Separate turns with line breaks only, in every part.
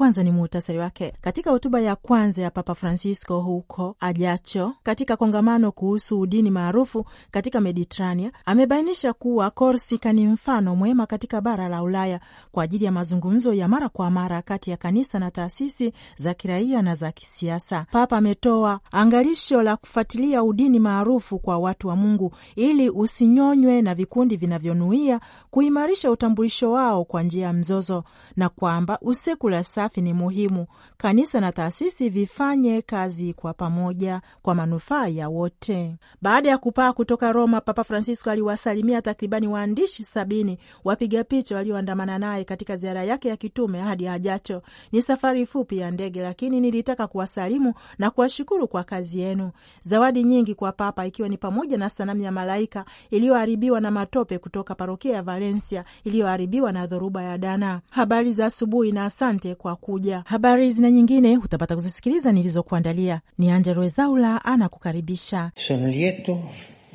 kwanza ni muhtasari wake. Katika hotuba ya kwanza ya Papa Francisco huko Ajaccio katika kongamano kuhusu udini maarufu katika Mediterania, amebainisha kuwa Korsika ni mfano mwema katika bara la Ulaya kwa ajili ya mazungumzo ya mara kwa mara kati ya kanisa na taasisi za kiraia na za kisiasa. Papa ametoa angalisho la kufuatilia udini maarufu kwa watu wa Mungu ili usinyonywe na vikundi vinavyonuia kuimarisha utambulisho wao kwa njia ya mzozo na kwamba usekula safi ni muhimu kanisa na taasisi vifanye kazi kwa pamoja kwa manufaa ya wote. Baada ya kupaa kutoka Roma, Papa Francisco aliwasalimia takribani waandishi sabini wapiga picha walioandamana naye katika ziara yake ya kitume hadi Ajacho. Ni safari fupi ya ndege, lakini nilitaka kuwasalimu na kuwashukuru kwa kazi yenu. Zawadi nyingi kwa Papa, ikiwa ni pamoja na sanamu ya malaika iliyoharibiwa na matope kutoka parokia ya Valencia iliyoharibiwa na dhoruba ya Dana. Habari za asubuhi na asante kwa kwa kuja. Habari zina nyingine utapata kuzisikiliza nilizokuandalia. Ni Angella Ezaula anakukaribisha. Sono lieto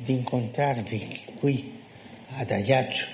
di incontrarvi qui ad Ajaccio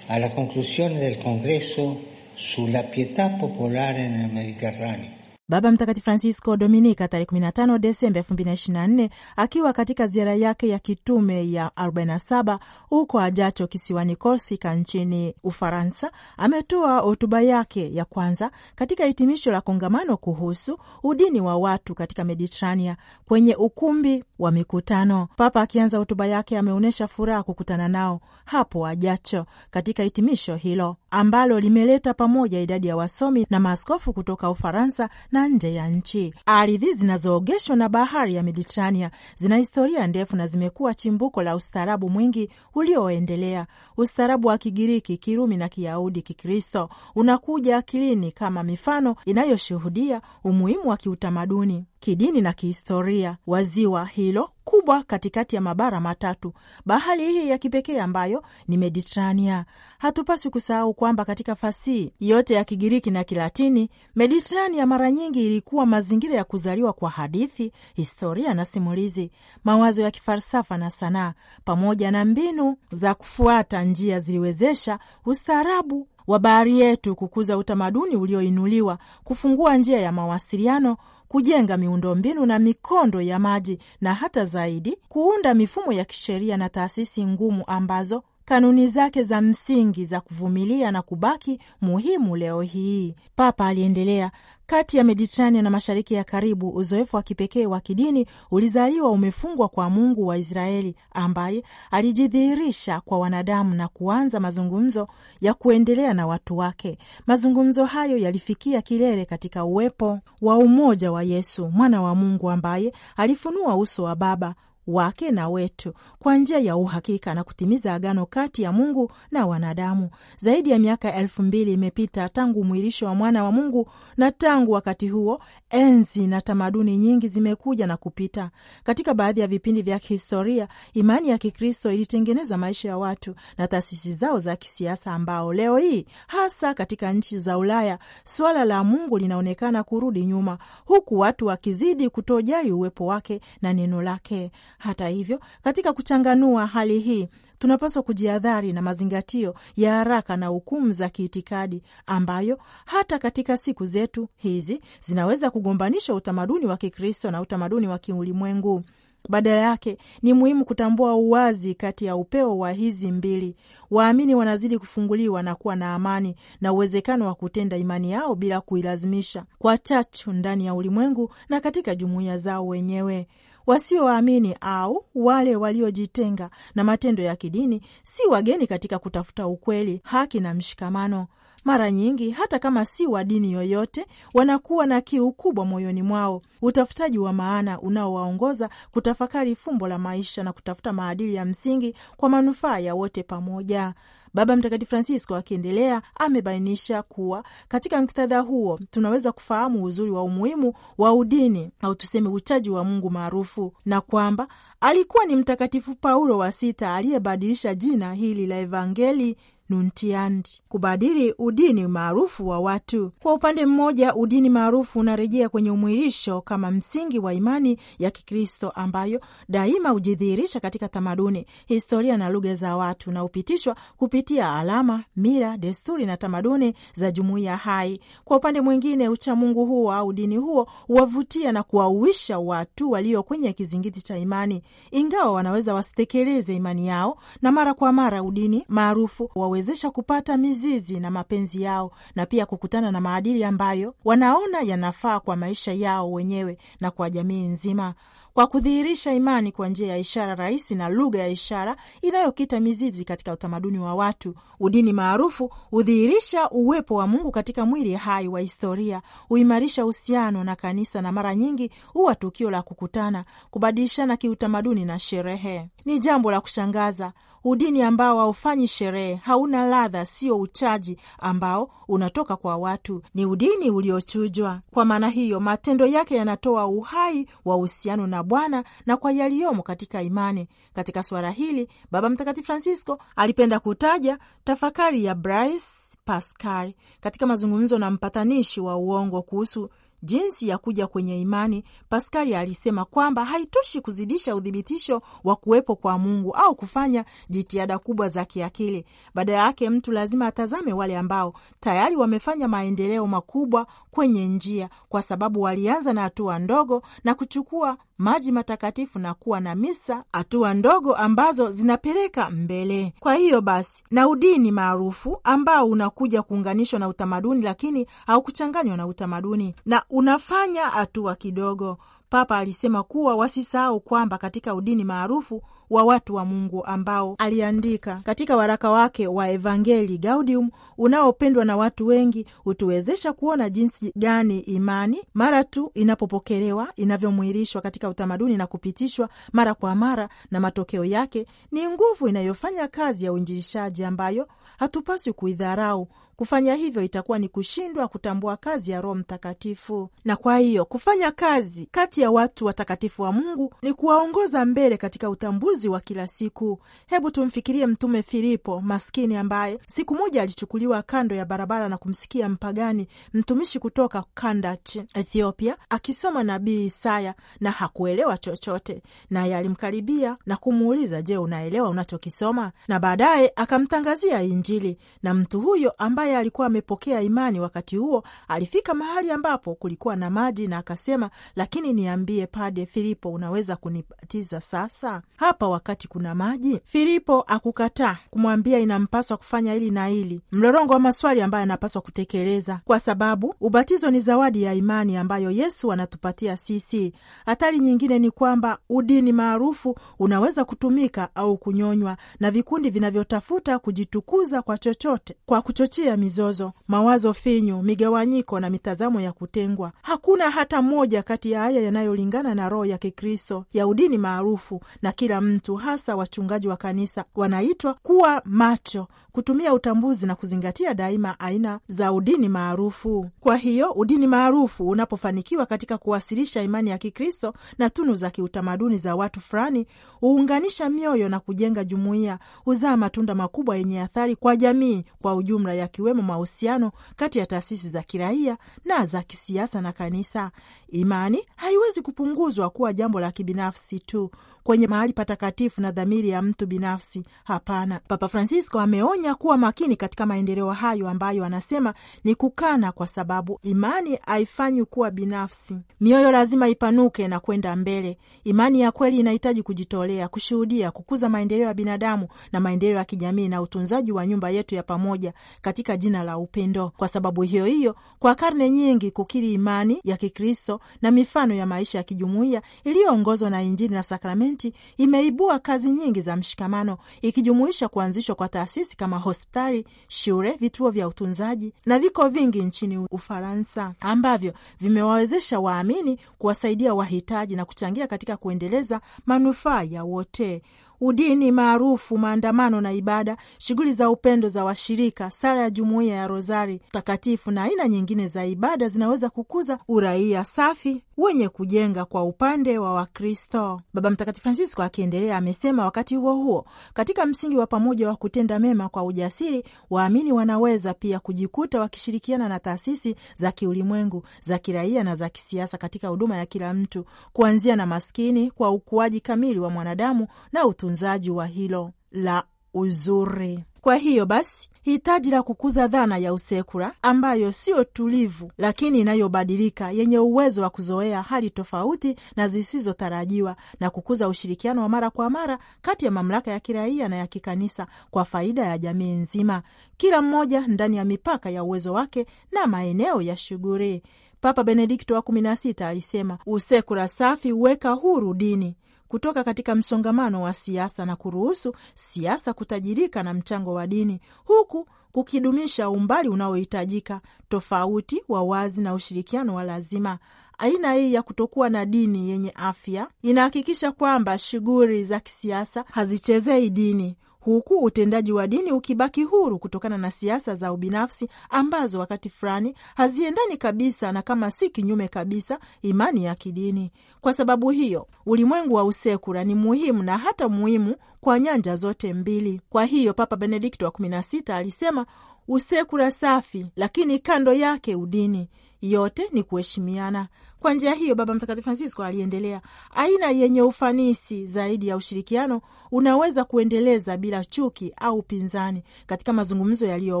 alla conclusione del congresso sulla pietà popolare nel Mediterraneo Baba Mtakatifu Francisco Dominika tarehe 15 Desemba 2024 akiwa katika ziara yake ya kitume ya 47 huko Ajaccio kisiwani Korsika nchini Ufaransa ametoa hotuba yake ya kwanza katika hitimisho la kongamano kuhusu udini wa watu katika Mediterania kwenye ukumbi wa mikutano. Papa akianza hotuba yake ameonyesha furaha kukutana nao hapo Ajaccio katika hitimisho hilo ambalo limeleta pamoja idadi ya wasomi na maaskofu kutoka Ufaransa na na nje ya nchi. Ardhi zinazoogeshwa na bahari ya Mediterania zina historia ndefu na zimekuwa chimbuko la ustaarabu mwingi ulioendelea. Ustaarabu wa Kigiriki, Kirumi na Kiyahudi Kikristo unakuja akilini kama mifano inayoshuhudia umuhimu wa kiutamaduni kidini na kihistoria wa ziwa hilo kubwa katikati ya mabara matatu, bahari hii ya kipekee ambayo ni Mediterania. Hatupaswi kusahau kwamba katika fasihi yote ya Kigiriki na Kilatini, Mediterania mara nyingi ilikuwa mazingira ya kuzaliwa kwa hadithi, historia na simulizi, mawazo ya kifalsafa na sanaa, pamoja na mbinu za kufuata njia ziliwezesha ustaarabu wa bahari yetu kukuza utamaduni ulioinuliwa, kufungua njia ya mawasiliano, kujenga miundombinu na mikondo ya maji na hata zaidi, kuunda mifumo ya kisheria na taasisi ngumu ambazo kanuni zake za msingi za kuvumilia na kubaki muhimu leo hii. Papa aliendelea kati ya Mediterania na mashariki ya karibu, uzoefu wa kipekee wa kidini ulizaliwa umefungwa kwa Mungu wa Israeli ambaye alijidhihirisha kwa wanadamu na kuanza mazungumzo ya kuendelea na watu wake. Mazungumzo hayo yalifikia kilele katika uwepo wa umoja wa Yesu mwana wa Mungu ambaye alifunua uso wa Baba wake na wetu kwa njia ya uhakika na kutimiza agano kati ya Mungu na wanadamu. Zaidi ya miaka elfu mbili imepita tangu mwilisho wa mwana wa Mungu, na tangu wakati huo enzi na tamaduni nyingi zimekuja na kupita. Katika baadhi ya vipindi vya kihistoria, imani ya Kikristo ilitengeneza maisha ya watu na taasisi zao za kisiasa, ambao leo hii, hasa katika nchi za Ulaya, suala la Mungu linaonekana kurudi nyuma, huku watu wakizidi kutojali uwepo wake na neno lake. Hata hivyo, katika kuchanganua hali hii tunapaswa kujiadhari na mazingatio ya haraka na hukumu za kiitikadi ambayo hata katika siku zetu hizi zinaweza kugombanisha utamaduni wa Kikristo na utamaduni wa kiulimwengu. Badala yake ni muhimu kutambua uwazi kati ya upeo wa hizi mbili. Waamini wanazidi kufunguliwa na kuwa na amani na uwezekano wa kutenda imani yao bila kuilazimisha kwa chachu ndani ya ulimwengu na katika jumuiya zao wenyewe. Wasiowaamini au wale waliojitenga na matendo ya kidini si wageni katika kutafuta ukweli, haki na mshikamano. Mara nyingi hata kama si wa dini yoyote, wanakuwa na kiu kubwa moyoni mwao, utafutaji wa maana unaowaongoza kutafakari fumbo la maisha na kutafuta maadili ya msingi kwa manufaa ya wote pamoja. Baba Mtakatifu Francisco akiendelea amebainisha kuwa katika muktadha huo tunaweza kufahamu uzuri wa umuhimu wa udini au tuseme uchaji wa Mungu maarufu, na kwamba alikuwa ni Mtakatifu Paulo wa Sita aliyebadilisha jina hili la Evangeli Nuntiandi, kubadili udini maarufu wa watu. Kwa upande mmoja, udini maarufu unarejea kwenye umwilisho kama msingi wa imani ya Kikristo ambayo daima hujidhihirisha katika tamaduni, historia na lugha za watu na hupitishwa kupitia alama, mira desturi na tamaduni za jumuiya hai. Kwa upande mwingine, uchamungu huo au dini huo huwavutia na kuwauisha watu walio kwenye kizingiti cha imani, ingawa wanaweza wasitekeleze imani yao, na mara kwa mara udini maarufu wawe kuwawezesha kupata mizizi na mapenzi yao na pia kukutana na maadili ambayo wanaona yanafaa kwa maisha yao wenyewe na kwa jamii nzima kwa kudhihirisha imani kwa njia ya ishara rahisi na lugha ya ishara inayokita mizizi katika utamaduni wa watu. Udini maarufu hudhihirisha uwepo wa Mungu katika mwili hai wa historia, huimarisha uhusiano na kanisa na mara nyingi huwa tukio la kukutana, kubadilishana kiutamaduni na sherehe. Ni jambo la kushangaza udini ambao haufanyi sherehe, hauna ladha, sio uchaji ambao unatoka kwa watu, ni udini uliochujwa. Kwa maana hiyo, matendo yake yanatoa uhai wa uhusiano na Bwana na kwa yaliyomo katika imani. Katika suala hili, Baba Mtakatifu Francisco alipenda kutaja tafakari ya Blaise Pascal katika mazungumzo na mpatanishi wa uongo kuhusu jinsi ya kuja kwenye imani, Paskali alisema kwamba haitoshi kuzidisha uthibitisho wa kuwepo kwa Mungu au kufanya jitihada kubwa za kiakili. Badala yake, mtu lazima atazame wale ambao tayari wamefanya maendeleo makubwa kwenye njia, kwa sababu walianza na hatua ndogo na kuchukua maji matakatifu na kuwa na misa, hatua ndogo ambazo zinapeleka mbele. Kwa hiyo basi, na udini maarufu ambao unakuja kuunganishwa na utamaduni, lakini haukuchanganywa na utamaduni na unafanya hatua kidogo. Papa alisema kuwa wasisahau kwamba katika udini maarufu wa watu wa Mungu ambao aliandika katika waraka wake wa evangeli Gaudium unaopendwa na watu wengi, hutuwezesha kuona jinsi gani imani mara tu inapopokelewa inavyomwirishwa katika utamaduni na kupitishwa mara kwa mara, na matokeo yake ni nguvu inayofanya kazi ya uinjilishaji ambayo hatupaswi kuidharau Kufanya hivyo itakuwa ni kushindwa kutambua kazi ya Roho Mtakatifu, na kwa hiyo kufanya kazi kati ya watu watakatifu wa Mungu ni kuwaongoza mbele katika utambuzi wa kila siku. Hebu tumfikirie Mtume Filipo maskini, ambaye siku moja alichukuliwa kando ya barabara na kumsikia mpagani mtumishi kutoka Kandachi, Ethiopia, akisoma nabii Isaya na hakuelewa chochote, naye alimkaribia na kumuuliza, je, unaelewa unachokisoma? Na baadaye akamtangazia Injili na mtu huyo ambaye ambaye alikuwa amepokea imani wakati huo alifika mahali ambapo kulikuwa na maji na akasema, lakini niambie Pade Filipo, unaweza kunibatiza sasa hapa wakati kuna maji? Filipo akukataa kumwambia inampaswa kufanya hili na hili, mlorongo wa maswali ambayo anapaswa kutekeleza, kwa sababu ubatizo ni zawadi ya imani ambayo Yesu anatupatia sisi. Hatari nyingine ni kwamba udini maarufu unaweza kutumika au kunyonywa na vikundi vinavyotafuta kujitukuza kwa chochote, kwa kuchochea mizozo, mawazo finyu, migawanyiko na mitazamo ya kutengwa. Hakuna hata moja kati ya haya yanayolingana na roho ya Kikristo ya udini maarufu, na kila mtu, hasa wachungaji wa kanisa, wanaitwa kuwa macho, kutumia utambuzi na kuzingatia daima aina za udini maarufu. Kwa hiyo udini maarufu unapofanikiwa katika kuwasilisha imani ya Kikristo na tunu za kiutamaduni za watu fulani, huunganisha mioyo na kujenga jumuiya, huzaa matunda makubwa yenye athari kwa jamii kwa ujumla, yakiwe ikiwemo mahusiano kati ya taasisi za kiraia na za kisiasa na kanisa. Imani haiwezi kupunguzwa kuwa jambo la kibinafsi tu, kwenye mahali patakatifu na dhamiri ya mtu binafsi. Hapana. Papa Francisco ameonya kuwa makini katika maendeleo hayo ambayo anasema ni kukana, kwa sababu imani haifanyi kuwa binafsi. Mioyo lazima ipanuke na kwenda mbele. Imani ya kweli inahitaji kujitolea, kushuhudia, kukuza maendeleo ya binadamu na maendeleo ya kijamii na utunzaji wa nyumba yetu ya pamoja katika jina la upendo. Kwa sababu hiyo hiyo, kwa karne nyingi kukiri imani ya Kikristo na mifano ya maisha ya kijumuiya iliyoongozwa na Injili na sakramenti nchi imeibua kazi nyingi za mshikamano, ikijumuisha kuanzishwa kwa taasisi kama hospitali, shule, vituo vya utunzaji na viko vingi nchini Ufaransa ambavyo vimewawezesha waamini kuwasaidia wahitaji na kuchangia katika kuendeleza manufaa ya wote. Udini maarufu, maandamano na ibada, shughuli za upendo za washirika, sala ya jumuiya ya Rozari Takatifu na aina nyingine za ibada zinaweza kukuza uraia safi wenye kujenga kwa upande wa Wakristo. Baba Mtakatifu Francisco akiendelea amesema, wakati huo huo, katika msingi wa pamoja wa kutenda mema kwa ujasiri, waamini wanaweza pia kujikuta wakishirikiana na taasisi za kiulimwengu za kiraia na za kisiasa katika huduma ya kila mtu, kuanzia na maskini, kwa ukuaji kamili wa mwanadamu na utunzaji wa hilo la uzuri. Kwa hiyo basi hitaji la kukuza dhana ya usekula ambayo sio tulivu, lakini inayobadilika, yenye uwezo wa kuzoea hali tofauti na zisizotarajiwa, na kukuza ushirikiano wa mara kwa mara kati ya mamlaka ya kiraia na ya kikanisa kwa faida ya jamii nzima, kila mmoja ndani ya mipaka ya uwezo wake na maeneo ya shughuli. Papa Benedikto wa kumi na sita alisema usekula safi huweka huru dini kutoka katika msongamano wa siasa na kuruhusu siasa kutajirika na mchango wa dini huku kukidumisha umbali unaohitajika, tofauti wa wazi na ushirikiano wa lazima. Aina hii ya kutokuwa na dini yenye afya inahakikisha kwamba shughuli za kisiasa hazichezei dini, huku utendaji wa dini ukibaki huru kutokana na siasa za ubinafsi ambazo wakati fulani haziendani kabisa na kama si kinyume kabisa imani ya kidini. Kwa sababu hiyo, ulimwengu wa usekula ni muhimu na hata muhimu kwa nyanja zote mbili. Kwa hiyo Papa Benedikto wa kumi na sita alisema usekula safi, lakini kando yake udini yote ni kuheshimiana. Kwa njia hiyo, Baba Mtakatifu Francisco aliendelea, aina yenye ufanisi zaidi ya ushirikiano unaweza kuendeleza bila chuki au upinzani katika mazungumzo yaliyo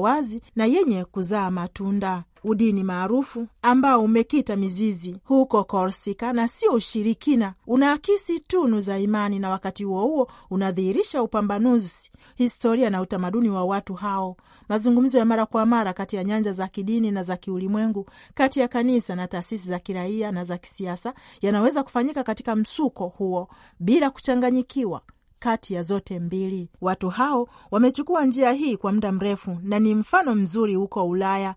wazi na yenye kuzaa matunda udini maarufu ambao umekita mizizi huko Korsika na sio ushirikina, unaakisi tunu za imani na wakati huo huo unadhihirisha upambanuzi, historia na utamaduni wa watu hao. Mazungumzo ya mara kwa mara kati ya nyanja za kidini na za kiulimwengu, kati ya kanisa na taasisi za kiraia na za kisiasa yanaweza kufanyika katika msuko huo bila kuchanganyikiwa kati ya zote mbili. Watu hao wamechukua njia hii kwa muda mrefu na ni mfano mzuri huko Ulaya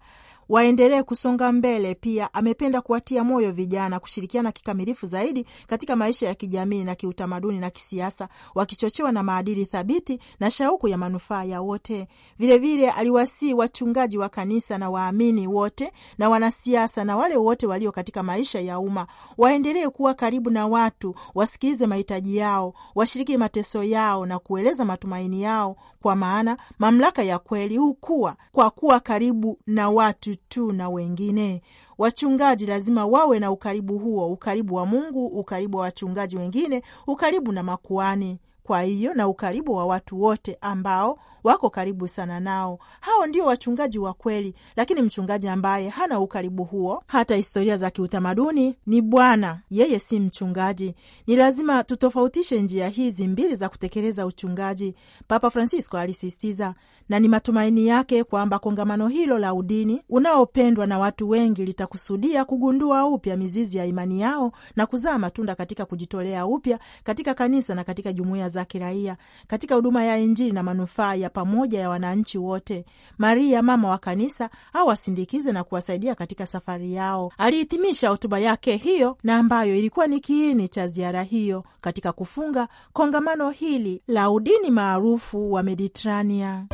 waendelee kusonga mbele. Pia amependa kuwatia moyo vijana kushirikiana kikamilifu zaidi katika maisha ya kijamii na kiutamaduni na kisiasa, wakichochewa na maadili thabiti na shauku ya manufaa ya wote. Vilevile aliwasii wachungaji wa kanisa na waamini wote na wanasiasa na wale wote walio katika maisha ya umma waendelee kuwa karibu na watu, wasikilize mahitaji yao, washiriki mateso yao na kueleza matumaini yao kwa maana mamlaka ya kweli hukua kwa kuwa karibu na watu tu na wengine. Wachungaji lazima wawe na ukaribu huo, ukaribu wa Mungu, ukaribu wa wachungaji wengine, ukaribu na makuani, kwa hiyo na ukaribu wa watu wote ambao wako karibu sana nao. Hao ndio wachungaji wa kweli, lakini mchungaji ambaye hana ukaribu huo, hata historia za kiutamaduni ni bwana, yeye si mchungaji. Ni lazima tutofautishe njia hizi mbili za kutekeleza uchungaji, Papa Francisco alisisitiza, na ni matumaini yake kwamba kongamano hilo la udini unaopendwa na watu wengi litakusudia kugundua upya mizizi ya imani yao na kuzaa matunda katika kujitolea upya katika kanisa na katika jumuiya za kiraia, katika huduma ya Injili na manufaa ya pamoja ya wananchi wote. Maria mama wa kanisa awasindikize na kuwasaidia katika safari yao. Alihitimisha hotuba yake hiyo na ambayo ilikuwa ni kiini cha ziara hiyo katika kufunga kongamano hili la udini maarufu wa Mediterania.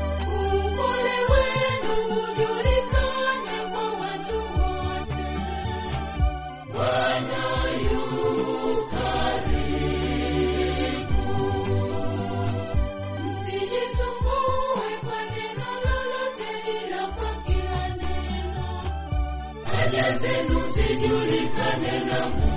zenu zijulikane na nasema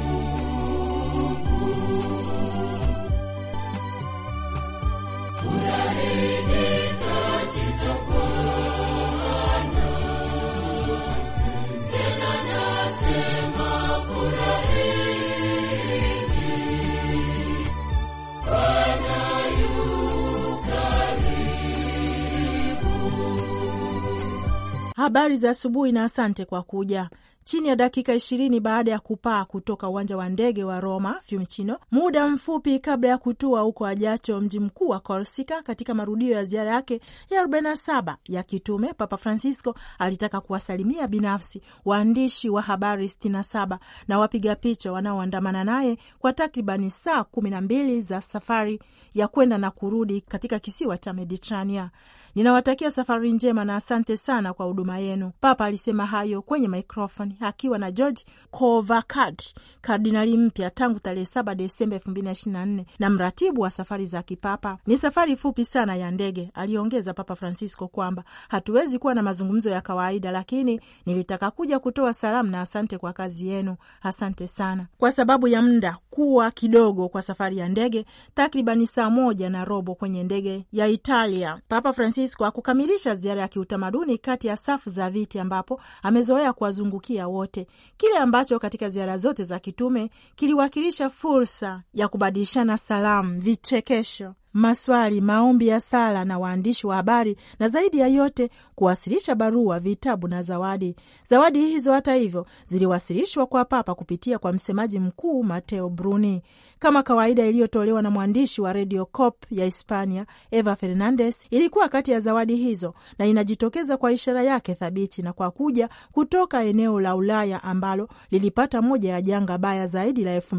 Habari za asubuhi na asante kwa kuja chini ya dakika ishirini baada ya kupaa kutoka uwanja wa ndege wa Roma Fiumicino, muda mfupi kabla ya kutua huko Ajaccio, mji mkuu wa Korsika. Katika marudio ya ziara yake ya 47 ya kitume, Papa Francisco alitaka kuwasalimia binafsi waandishi wa habari 67 na wapiga picha wanaoandamana naye kwa takribani saa kumi na mbili za safari ya kwenda na kurudi katika kisiwa cha Mediterania. Ninawatakia safari njema na asante sana kwa huduma yenu. Papa alisema hayo kwenye maikrofoni akiwa na George Covacat, kardinali mpya tangu tarehe 7 Desemba 2024 na mratibu wa safari za kipapa. Ni safari fupi sana ya ndege, aliongeza Papa Francisco kwamba hatuwezi kuwa na mazungumzo ya kawaida, lakini nilitaka kuja kutoa salamu na asante kwa kazi yenu. Asante sana kwa sababu ya muda kuwa kidogo kwa safari ya ndege, takribani saa moja na robo kwenye ndege ya Italia. Papa Francisco Francis kwa kukamilisha ziara ya kiutamaduni kati ya safu za viti ambapo amezoea kuwazungukia wote, kile ambacho katika ziara zote za kitume kiliwakilisha fursa ya kubadilishana salamu, vichekesho maswali, maombi ya sala na waandishi wa habari, na zaidi ya yote kuwasilisha barua, vitabu na zawadi. Zawadi hizo hata hivyo ziliwasilishwa kwa Papa kupitia kwa msemaji mkuu Mateo Bruni, kama kawaida iliyotolewa na mwandishi wa redio COP ya Hispania Eva Fernandez. Ilikuwa kati ya zawadi hizo na inajitokeza kwa ishara yake thabiti na kwa kuja kutoka eneo la Ulaya ambalo lilipata moja ya janga baya zaidi la elfu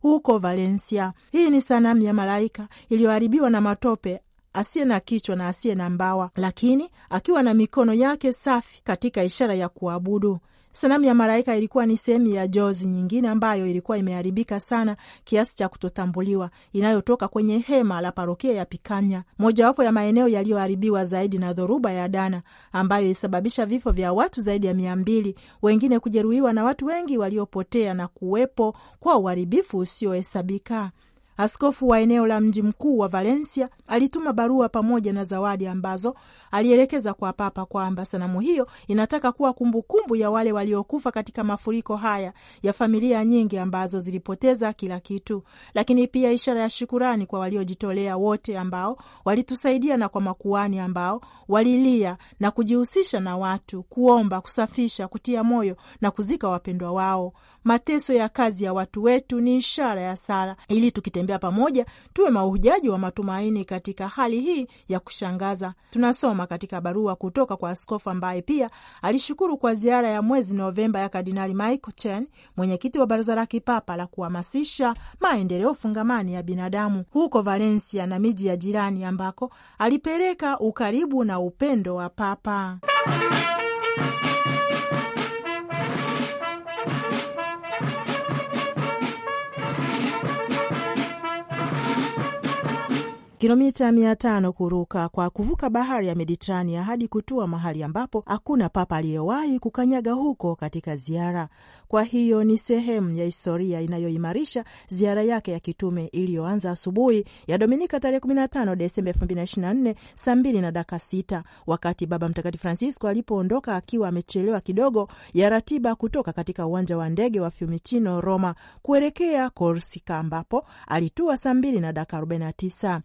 huko Valencia. Hii ni sanamu ya malaika iliyoharibiwa na matope, asiye na kichwa na asiye na mbawa, lakini akiwa na mikono yake safi katika ishara ya kuabudu. Sanamu ya malaika ilikuwa ni sehemu ya jozi nyingine ambayo ilikuwa imeharibika sana kiasi cha kutotambuliwa, inayotoka kwenye hema la parokia ya Pikanya, mojawapo ya maeneo yaliyoharibiwa zaidi na dhoruba ya Dana, ambayo ilisababisha vifo vya watu zaidi ya mia mbili, wengine kujeruhiwa na watu wengi waliopotea na kuwepo kwa uharibifu usiohesabika. Askofu wa eneo la mji mkuu wa Valencia alituma barua pamoja na zawadi ambazo alielekeza kwa Papa kwamba sanamu hiyo inataka kuwa kumbukumbu kumbu ya wale waliokufa katika mafuriko haya ya familia nyingi ambazo zilipoteza kila kitu, lakini pia ishara ya shukurani kwa waliojitolea wote ambao walitusaidia na kwa makuani ambao walilia na kujihusisha na watu kuomba, kusafisha, kutia moyo na kuzika wapendwa wao mateso ya kazi ya watu wetu ni ishara ya sala, ili tukitembea pamoja tuwe mahujaji wa matumaini katika hali hii ya kushangaza. Tunasoma katika barua kutoka kwa askofu ambaye pia alishukuru kwa ziara ya mwezi Novemba ya Kardinali Michael Chen, mwenyekiti wa Baraza la Kipapa la kuhamasisha maendeleo fungamani ya binadamu huko Valencia na miji ya jirani, ambako alipeleka ukaribu na upendo wa Papa kilomita mia tano kuruka kwa kuvuka bahari ya Mediterania hadi kutua mahali ambapo hakuna papa aliyewahi kukanyaga huko katika ziara. Kwa hiyo ni sehemu ya historia inayoimarisha ziara yake ya kitume iliyoanza asubuhi ya Dominika tarehe 15 Desemba 2024 saa mbili na dakika sita wakati Baba Mtakatifu Francisco alipoondoka akiwa amechelewa kidogo ya ratiba kutoka katika uwanja wa ndege wa Fiumicino, Roma, kuelekea Korsika ambapo alitua saa mbili na dakika 49.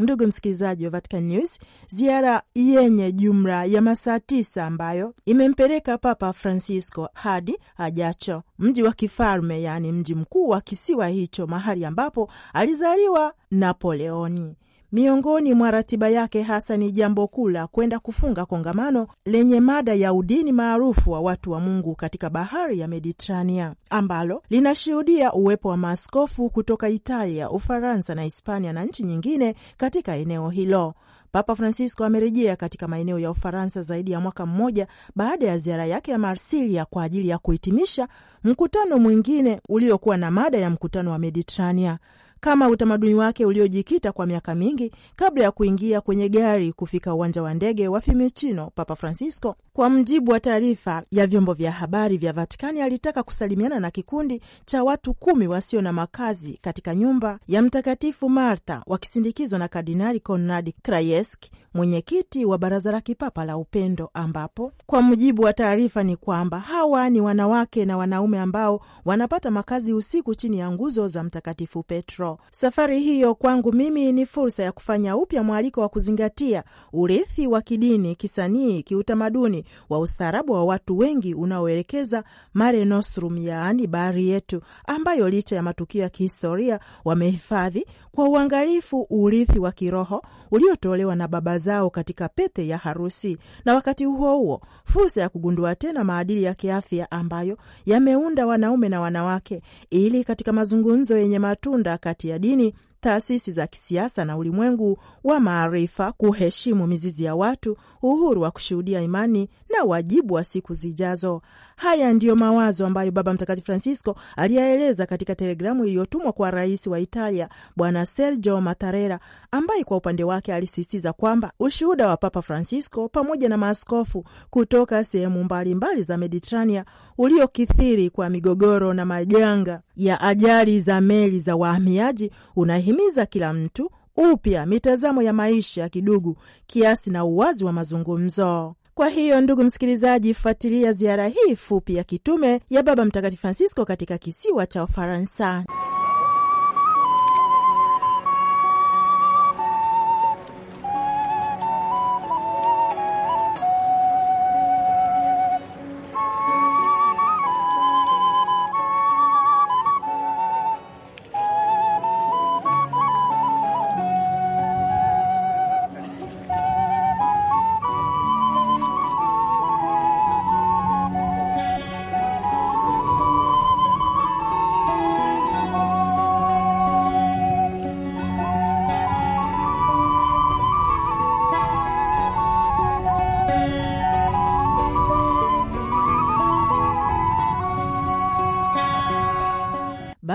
Ndugu msikilizaji wa Vatican News, ziara yenye jumla ya masaa tisa ambayo imempeleka Papa Francisco hadi ajacho mji wa kifalme, yaani mji mkuu wa kisiwa hicho, mahali ambapo alizaliwa Napoleoni. Miongoni mwa ratiba yake hasa ni jambo kuu la kwenda kufunga kongamano lenye mada ya udini maarufu wa watu wa Mungu katika bahari ya Mediterania, ambalo linashuhudia uwepo wa maaskofu kutoka Italia, Ufaransa na Hispania na nchi nyingine katika eneo hilo. Papa Francisco amerejea katika maeneo ya Ufaransa zaidi ya mwaka mmoja baada ya ziara yake ya Marsilia kwa ajili ya kuhitimisha mkutano mwingine uliokuwa na mada ya mkutano wa Mediterania kama utamaduni wake uliojikita kwa miaka mingi kabla ya kuingia kwenye gari kufika uwanja wa ndege wa Fiumicino. Papa Francisco, kwa mjibu wa taarifa ya vyombo vya habari vya Vatikani, alitaka kusalimiana na kikundi cha watu kumi wasio na makazi katika nyumba ya Mtakatifu Martha wakisindikizwa na Kardinali Konradi Krajewski mwenyekiti wa Baraza la Kipapa la Upendo, ambapo kwa mujibu wa taarifa ni kwamba hawa ni wanawake na wanaume ambao wanapata makazi usiku chini ya nguzo za Mtakatifu Petro. Safari hiyo kwangu mimi ni fursa ya kufanya upya mwaliko wa kuzingatia urithi wa kidini, kisanii, kiutamaduni wa ustaarabu wa watu wengi unaoelekeza Mare Nostrum, yaani bahari yetu, ambayo licha ya matukio ya kihistoria wamehifadhi kwa uangalifu urithi wa kiroho uliotolewa na baba zao katika pete ya harusi, na wakati huo huo fursa ya kugundua tena maadili ya kiafya ambayo yameunda wanaume na wanawake, ili katika mazungumzo yenye matunda kati ya dini taasisi za kisiasa na ulimwengu wa maarifa kuheshimu mizizi ya watu, uhuru wa kushuhudia imani na wajibu wa siku zijazo. Haya ndiyo mawazo ambayo Baba Mtakatifu Francisco aliyaeleza katika telegramu iliyotumwa kwa rais wa Italia Bwana Sergio Mattarella, ambaye kwa upande wake alisisitiza kwamba ushuhuda wa Papa Francisco pamoja na maaskofu kutoka sehemu mbalimbali za Mediterania uliokithiri kwa migogoro na majanga ya ajali za meli za wahamiaji unahimiza kila mtu upya mitazamo ya maisha ya kidugu, kiasi na uwazi wa mazungumzo. Kwa hiyo ndugu msikilizaji, fuatilia ziara hii fupi ya kitume ya Baba Mtakatifu Francisco katika kisiwa cha Ufaransa.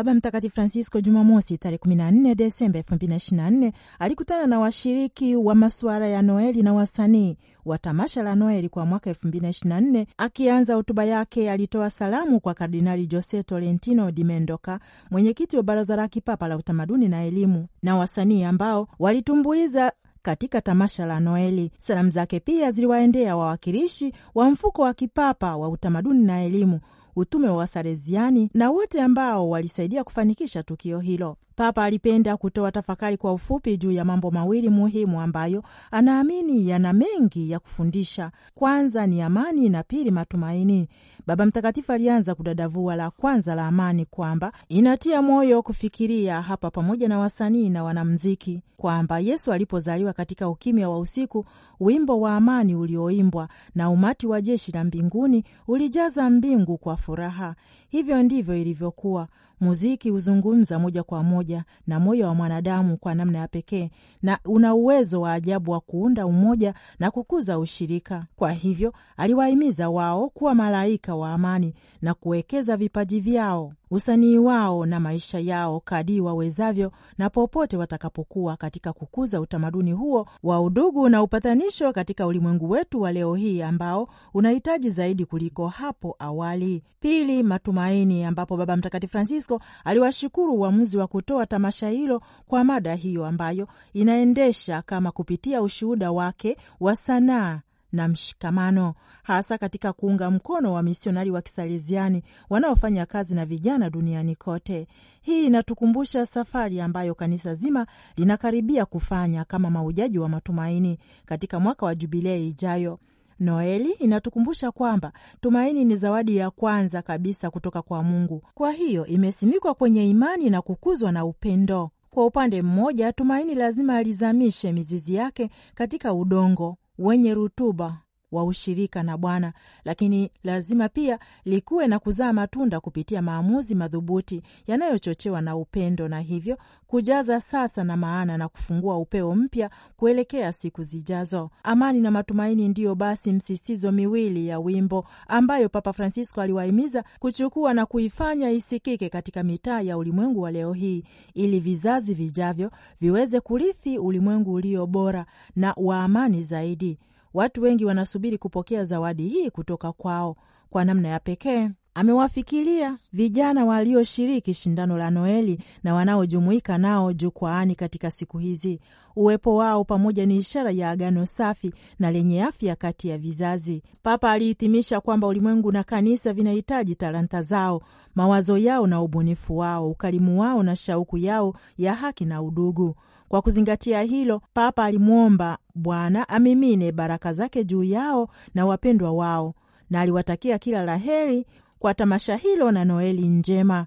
Baba Mtakatifu Francisco Jumamosi tarehe 14 Desemba 2024 alikutana na washiriki wa masuala ya Noeli na wasanii wa tamasha la Noeli kwa mwaka 2024. Akianza hotuba yake, alitoa salamu kwa Kardinali Jose Tolentino Di Mendoka, mwenyekiti wa Baraza la Kipapa la Utamaduni na Elimu, na wasanii ambao walitumbuiza katika tamasha la Noeli. Salamu zake pia ziliwaendea wawakilishi wa mfuko wa kipapa wa utamaduni na elimu utume wa Wasalesiani na wote ambao walisaidia kufanikisha tukio hilo. Papa alipenda kutoa tafakari kwa ufupi juu ya mambo mawili muhimu ambayo anaamini yana mengi ya kufundisha: kwanza ni amani na pili matumaini. Baba Mtakatifu alianza kudadavua la kwanza la amani kwamba inatia moyo kufikiria hapa, pamoja na wasanii na wanamziki, kwamba Yesu alipozaliwa katika ukimya wa usiku, wimbo wa amani ulioimbwa na umati wa jeshi la mbinguni ulijaza mbingu kwa furaha. Hivyo ndivyo ilivyokuwa Muziki huzungumza moja kwa moja na moyo wa mwanadamu kwa namna ya pekee na una uwezo wa ajabu wa kuunda umoja na kukuza ushirika. Kwa hivyo, aliwahimiza wao kuwa malaika wa amani na kuwekeza vipaji vyao usanii wao na maisha yao kadi wawezavyo na popote watakapokuwa katika kukuza utamaduni huo wa udugu na upatanisho katika ulimwengu wetu wa leo hii ambao unahitaji zaidi kuliko hapo awali. Pili, matumaini, ambapo Baba Mtakatifu Francisco aliwashukuru uamuzi wa kutoa tamasha hilo kwa mada hiyo ambayo inaendesha kama kupitia ushuhuda wake wa sanaa na mshikamano, hasa katika kuunga mkono wa misionari wa kisaleziani wanaofanya kazi na vijana duniani kote. Hii inatukumbusha safari ambayo kanisa zima linakaribia kufanya kama maujaji wa matumaini katika mwaka wa jubilei ijayo. Noeli inatukumbusha kwamba tumaini ni zawadi ya kwanza kabisa kutoka kwa Mungu. Kwa hiyo imesimikwa kwenye imani na kukuzwa na upendo. Kwa upande mmoja, tumaini lazima alizamishe mizizi yake katika udongo wenye rutuba wa ushirika na Bwana, lakini lazima pia likuwe na kuzaa matunda kupitia maamuzi madhubuti yanayochochewa na upendo, na hivyo kujaza sasa na maana na kufungua upeo mpya kuelekea siku zijazo. Amani na matumaini ndiyo basi msisitizo miwili ya wimbo ambayo Papa Francisco aliwahimiza kuchukua na kuifanya isikike katika mitaa ya ulimwengu wa leo hii, ili vizazi vijavyo viweze kurithi ulimwengu ulio bora na wa amani zaidi. Watu wengi wanasubiri kupokea zawadi hii kutoka kwao. Kwa namna ya pekee amewafikiria vijana walioshiriki shindano la Noeli na wanaojumuika nao jukwaani katika siku hizi. Uwepo wao pamoja ni ishara ya agano safi na lenye afya kati ya vizazi. Papa alihitimisha kwamba ulimwengu na kanisa vinahitaji talanta zao, mawazo yao na ubunifu wao, ukarimu wao na shauku yao ya haki na udugu. Kwa kuzingatia hilo, Papa alimwomba Bwana amimine baraka zake juu yao na wapendwa wao, na aliwatakia kila la heri kwa tamasha hilo na Noeli njema.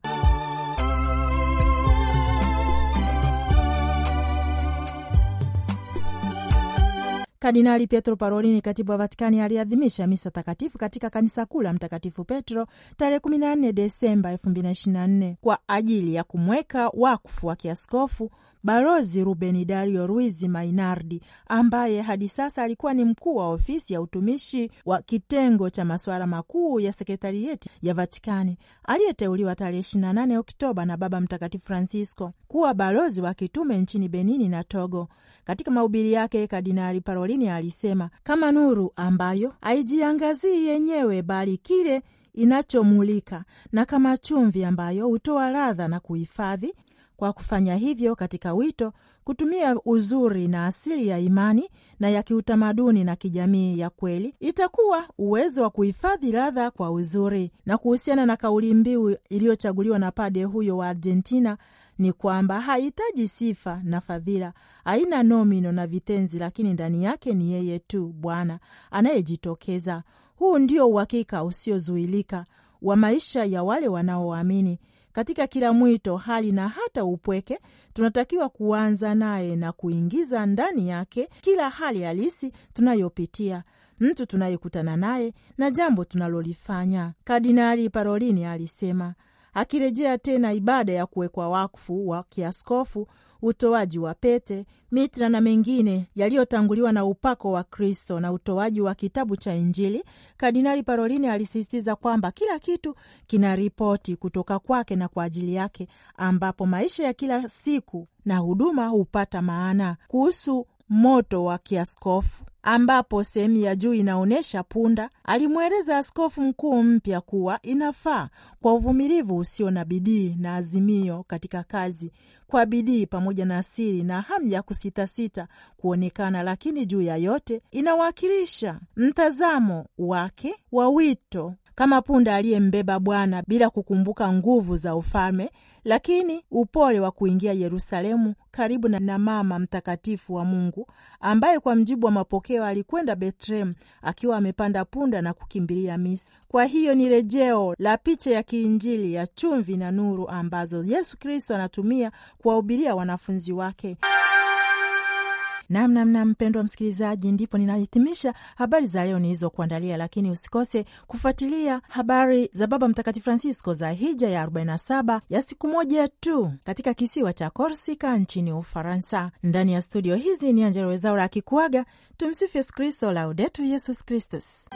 Kardinali Pietro Parolini, katibu wa Vatikani, aliadhimisha misa takatifu katika kanisa kuu la Mtakatifu Petro tarehe 14 Desemba 2024 kwa ajili ya kumweka wakfu wa kiaskofu Balozi rubeni Dario Ruiz Mainardi ambaye hadi sasa alikuwa ni mkuu wa ofisi ya utumishi wa kitengo cha masuala makuu ya sekretarieti ya Vatikani aliyeteuliwa tarehe 28 Oktoba na Baba Mtakatifu Francisco kuwa balozi wa kitume nchini Benini na Togo. Katika mahubiri yake Kardinali Parolini alisema kama nuru ambayo haijiangazii yenyewe bali kile inachomulika na kama chumvi ambayo hutoa ladha na kuhifadhi kwa kufanya hivyo, katika wito kutumia uzuri na asili ya imani na ya kiutamaduni na kijamii ya kweli, itakuwa uwezo wa kuhifadhi ladha kwa uzuri. Na kuhusiana na kauli mbiu iliyochaguliwa na pade huyo wa Argentina ni kwamba hahitaji sifa na fadhila, haina nomino na vitenzi, lakini ndani yake ni yeye tu Bwana anayejitokeza. Huu ndio uhakika usiozuilika wa maisha ya wale wanaoamini katika kila mwito, hali na hata upweke, tunatakiwa kuanza naye na kuingiza ndani yake kila hali halisi tunayopitia, mtu tunayekutana naye na jambo tunalolifanya. Kardinali Parolini alisema akirejea tena ibada ya kuwekwa wakfu wa kiaskofu utoaji wa pete, mitra na mengine yaliyotanguliwa na upako wa Kristo na utoaji wa kitabu cha Injili, Kardinali Parolini alisisitiza kwamba kila kitu kina ripoti kutoka kwake na kwa ajili yake, ambapo maisha ya kila siku na huduma hupata maana. Kuhusu moto wa kiaskofu ambapo sehemu ya juu inaonyesha punda, alimweleza askofu mkuu mpya kuwa inafaa kwa uvumilivu usio na bidii na azimio katika kazi, kwa bidii pamoja na asiri na hamu ya kusitasita kuonekana, lakini juu ya yote inawakilisha mtazamo wake wa wito kama punda aliyembeba Bwana bila kukumbuka nguvu za ufalme lakini upole wa kuingia Yerusalemu karibu na mama mtakatifu wa Mungu ambaye kwa mjibu wa mapokeo alikwenda Betlehemu akiwa amepanda punda na kukimbilia Misri. Kwa hiyo ni rejeo la picha ya kiinjili ya chumvi na nuru ambazo Yesu Kristo anatumia kuwahubiria wanafunzi wake. Namnamna mpendwa msikilizaji, ndipo ninahitimisha habari za leo nilizokuandalia, lakini usikose kufuatilia habari za Baba Mtakatifu Francisco za hija ya 47 ya siku moja tu katika kisiwa cha Korsika nchini Ufaransa. Ndani ya studio hizi ni Anjelo Wezaura akikuaga. Tumsifu Yesu Kristo, Laudetu Yesus Kristus.